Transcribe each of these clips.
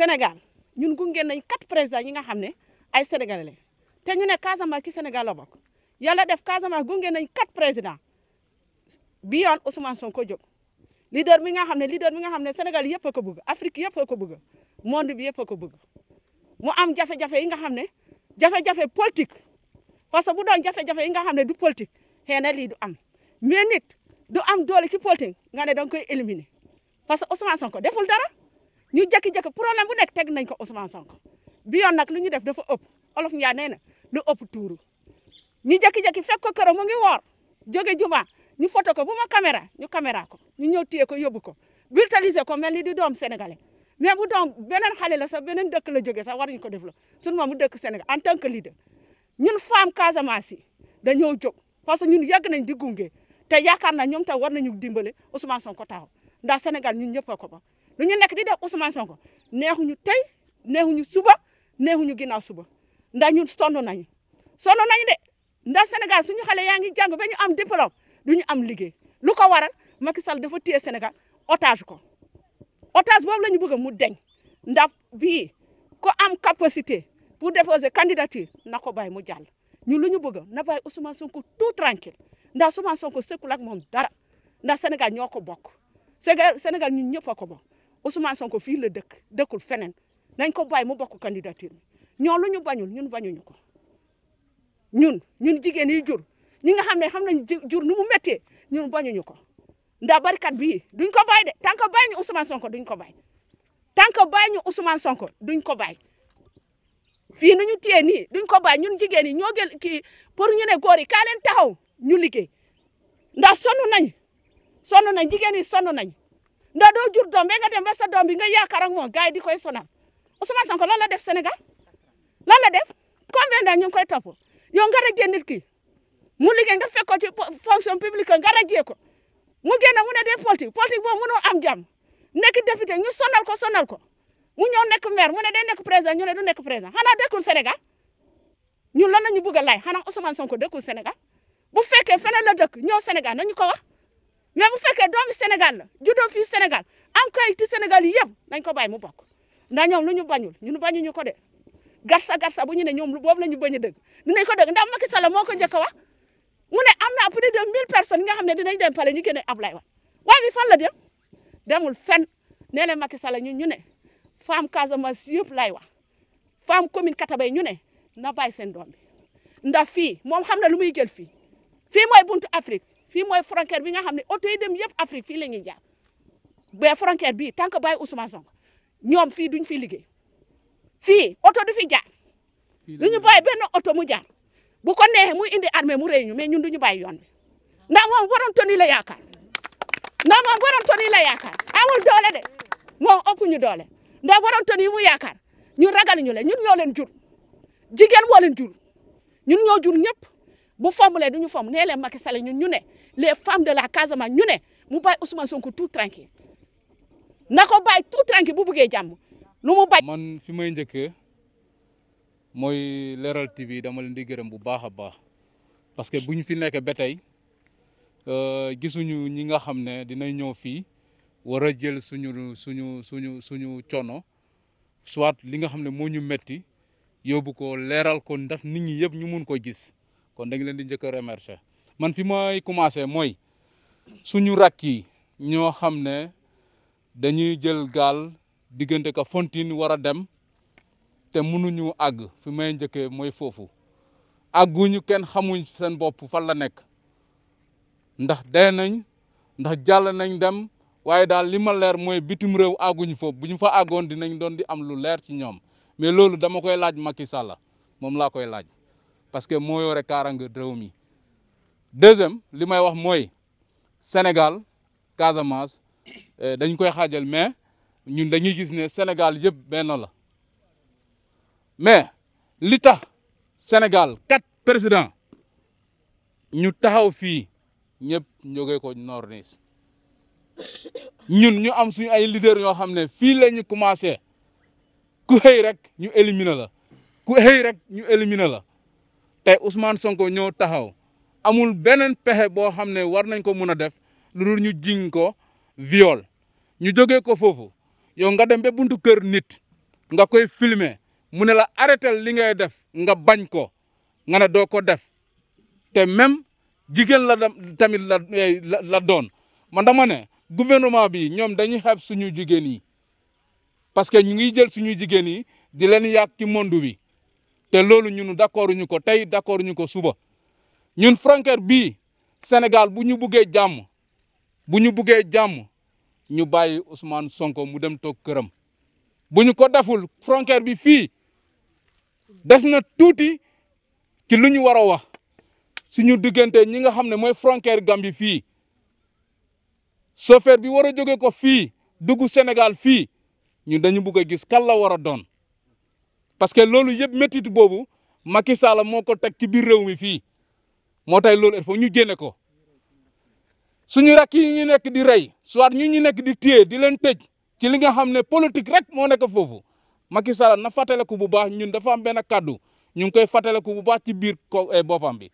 Sénégal ñun gunge nañ quatre présidents yi nga xam ne ay sénégalais lañ te ñu ne Casamance ci Sénégal la yàlla def Casamance gunge nañ quatre présidents bi yoon Ousmane ko jóg leader mi nga xam ne leader mi nga xam ne Sénégal yëpp a ko bëgg Afrique yëpp a ko bëgg monde bi yëpp ko bëgg mu am jafe-jafe yi nga xam ne jafe-jafe politique parce que bu doon jafe-jafe yi nga xam ne du politique xëy na lii du am mais nit du am doole ci politique nga ne da nga koy éliminer parce que Ousmane Sonko deful dara. ñu jékki-jékki problème bu nekk teg nañ ko Ousmane Sonko bi yoon nag li ñu def dafa ëpp olof Ndiaye nee na lu ëpp tuuru ñu jékki-jékki fekk ko këram mu ngi wor jóge juma ñu foto ko bu ma caméra ñu caméra ko ñu ñëw téye ko yóbbu ko brutaliser ko mel ni di doom sénégalais mais bu doom beneen xale la sax beneen dëkk la jógee sax waruñu ko def la suñu moom mu dëkk Sénégal en tant que leader ñun femme Casamance yi dañoo jóg parce que ñun yàgg nañ di gunge te yaakaar naa ñoom tam war nañu dimbale Ousmane Sonko taxaw ndax Sénégal ñun ñëpp ko ba lu ñu nekk di def Ousmane Sonko neexuñu tey neexuñu suba neexuñu ginnaaw suba ndax ñun sonn nañ sonn nañ de ndax Sénégal suñu xale yaa ngi jàng ba ñu am diplôme lu ñu am liggéey lu ko waral Macky Sall dafa téye Sénégal otage ko otage boobu la ñu bëgg mu deñ ndax bii ko am capacité pour déposer candidature na ko bay mu jàll ñun lu ñu bëgg na bàyyi Ousmane Sonko tout tranquille ndax Ousmane Sonko sëkkul ak moom dara ndax Sénégal ñoo ko bokk Sénégal ñun ñëpp a ko bokk Ousmane Sonko fii la dëkk dëkkul feneen nañ ko bàyyi mu bokk candidature bi ñoo lu ñu bañul ñun bañuñu ko ñun ñun jigéen yi jur ñi nga xam ne xam nañ jur nu mu méttee ñun bañuñu ko ndax barikat bi duñ ko bàyyi de tant que bàyyi ñu Sonko duñ ko bàyyi tant que bàyyi ñu Ousmane Sonko duñ ko bàyyi fii nu ñu téye nii duñ ko bàyyi ñun jigéen yi ñoo gël kii pour ñu ne góor yi kaa leen taxaw ñu liggéey ndax sonn nañ sonn nañ jigéen yi sonn nañ ndax doo jur doom ba nga dem ba sa doom bi nga yaakaar ak moom gars yi di koy sonal Ousmane Sonko lan la def senegal lan la def combien da ñu ngi koy topp yow nga rajee nit ki mu liggéey nga fekk ko ci fonction publique nga rajee ko mu génn mu ne dee politique politique boobu mënul am jàmm nekk député ñu sonal ko sonal ko mu ñëw nekk maire mu ne day nekk président ñu ne du nekk président xanaa dëkkul Sénégal ñun lan la ñu bëgg a lay xanaa Ousmane Sonko dëkkul Sénégal bu feke feneen la dëkk ñëw Sénégal nañu ko wax. yow bu fekkee doomi Sénégal la juddoo fii Sénégal am kayitu Sénégal yi yëpp nañ ko bàyyi mu bokk ndax ñoom lu ñu bañul ñun bañuñu ko de garsa garsa bu ñu ne lu boobu la ñu bañ a dëgg dinañ ko dëgg ndax Macky Sall moo ko njëkk a wax mu ne am na plus de 1000 personnes nga xam ne dinañ dem pale ñu génne Ablaye Wade waaye bi fan la dem demul fenn nee na Macky Sall ñun ñu ne femme Casamance yëpp lay wax femme commune Katabay ñu ne na bàyyi seen doom bi ndax fii moom xam na lu muy jël fii fii mooy buntu Afrique. fii mooy frontière bi nga xam ne oto dem yëpp Afrique fii la ñuy jaar ba frontière bii tant que bàyyi Ousmane Sonko ñoom fii duñ fi liggéey fii oto du fi jaar lu ñu bàyyi benn oto mu jaar bu ko neexee muy indi armée mu rëy ñu mais ñun du ñu bàyyi yoon bi ndax moom waroon toni la yaakaar ndax moom waroon toni la yaakaar amul doole de moom ëpp ñu doole ndax waroon toni mu yaakaar ñun ragal ñu le ñun ñoo leen jur jigéen moo leen jur ñun ñoo jur ñëpp bu formuler du ñu form nee leen Macky Sall ñu ne les femmes de la Casamance ñu ne mu bàyyi Ousmane Sonko tout tranquille na ko bàyyi tout tranquille bu buggee jàmm lu mu bàyyi. man fi may njëkkee mooy Leral TV dama leen di gërëm bu baax a baax parce que bu ñu fi nekkee ba tey euh, gisuñu ñi nga xam ne dinañ ñëw fii war a jël suñu suñu suñu suñu coono soit li nga xam ne moo ñu metti yóbbu ko leeral ko ndax nit ñi yëpp ñu mun ko gis. kon dañ di njëkk a man fi may commencé mooy suñu rakk yi ñoo xam ne dañuy jël gaal diggante ka Fontine war a dem te mënuñu àgg fi may njëkkee mooy foofu àgguñu kenn xamuñ seen bopp fan la nekk ndax dee nañ ndax jàll nañ dem waaye daal li ma leer mooy bitim réew àgguñu foofu bu ñu fa àggoon dinañ doon di am lu leer ci ñoom mais loolu dama koy laaj Macky Sall moom laa koy laaj parce que moo yore kaaraange réew mi deuxième li may wax mooy Sénégal Casamance eh, dañ koy xaajal mais ñun dañuy gis ne Sénégal yëpp benn la mais li tax Sénégal quatre président ñu taxaw fii ñëpp jógee ko nord niis ñun ñu am suñu ay leader yoo xam ne fii la ñu commencé ku xëy rek ñu éliminer la ku xëy rek ñu éliminer la te Ousmane Sonko ñoo taxaw amul beneen pexe boo xam ne war nañ ko mun a def lu dul ñu jiñ ko viol ñu jógee ko foofu yow nga dem be buntu kër nit nga koy filmer mu ne la arrêté li ngay def nga bañ ko nga ne doo ko def te même jigéen la tamit eh, la la doon man dama ne gouvernement bi ñoom dañuy xeeb suñu jigéen yi parce que ñu ngi jël suñu jigéen yi di leen yàq ci bi te loolu ñun d' accord ñu ko tey d' accord ñu ko suba ñun frontière bii Sénégal bu ñu buggee jàmm bu ñu buggee jàmm ñu bàyyi Ousmane Sonko mu dem toog këram bu ñu ko deful frontière bi fii des na tuuti ki lu ñu war a wax suñu diggante ñi nga xam ne mooy frontière Gambie fii chauffeur bi war a jóge ko fii dugg Sénégal fii ñun dañu bugg a gis kan la war a doon parce que loolu yëpp méttit boobu Macky Sall moo ko teg ci biir réew mi fii moo tay loolu il faut ñu génne ko suñu rakk yi ñu nekk di rey soit ñu ñu nekk di téye di leen tëj ci li nga xam ne politique rek moo nekk foofu Macky Sall na fàttaliku bu baax ñun dafa am benn kàddu ñu ngi koy fàttaliku bu baax ci biir ko e, boppam bi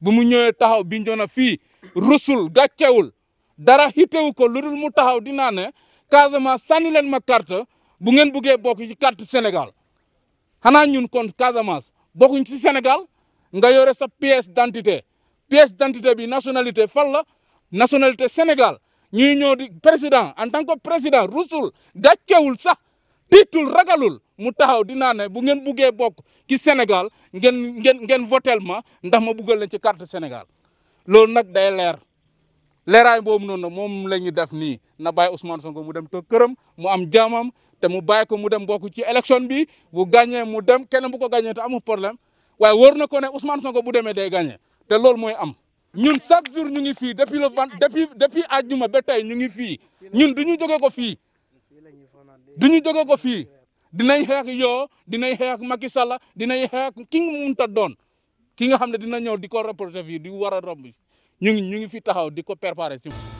bu mu ñëwee taxaw bi njoona fii rusul gàccewul dara xitewu ko lu dul mu taxaw dinaa ne Casamance sànni leen ma carte bu ngeen buggee bokk ci carte Sénégal xanaa ñun kon Casamance bokkuñ ci Sénégal nga yore sa pièce d'identité pièce dantité bi nationalité fan la nationalité Sénégal ñuy ñëw di président en tant que président rusul gàccewul sax tiitul ragalul mu taxaw dinaa ne bu ngeen buggee bokk ki Sénégal ngeen ngeen ngeen votel ma ndax ma buggal leen ci carte Sénégal loolu nag day leer leeraay boobu noonu moom la ñuy def nii na bàyyi Ousmane Sonko mu dem toog këram mu am jaamam te mu bàyyi ko mu dem bokk ci élection bi bu gagné mu dem kenn bu ko gagné te amul problème waaye wóor na ko ne Ousmane Sonko bu demee day gagné te loolu mooy am. ñun chaque jour ñu ngi fii depuis le vingt depuis depuis àjjuma ba tey ñu ngi fii ñun du ñu jóge ko fii du ñu jóge ko fii dinañ xeex yoo dinañ xeex Macky Sall dinañ xeex ki nga mënut a doon ki nga xam ne dina ñëw di ko reporté fii di war a romb ñu ngi ñu ngi fi taxaw di ko préparé ci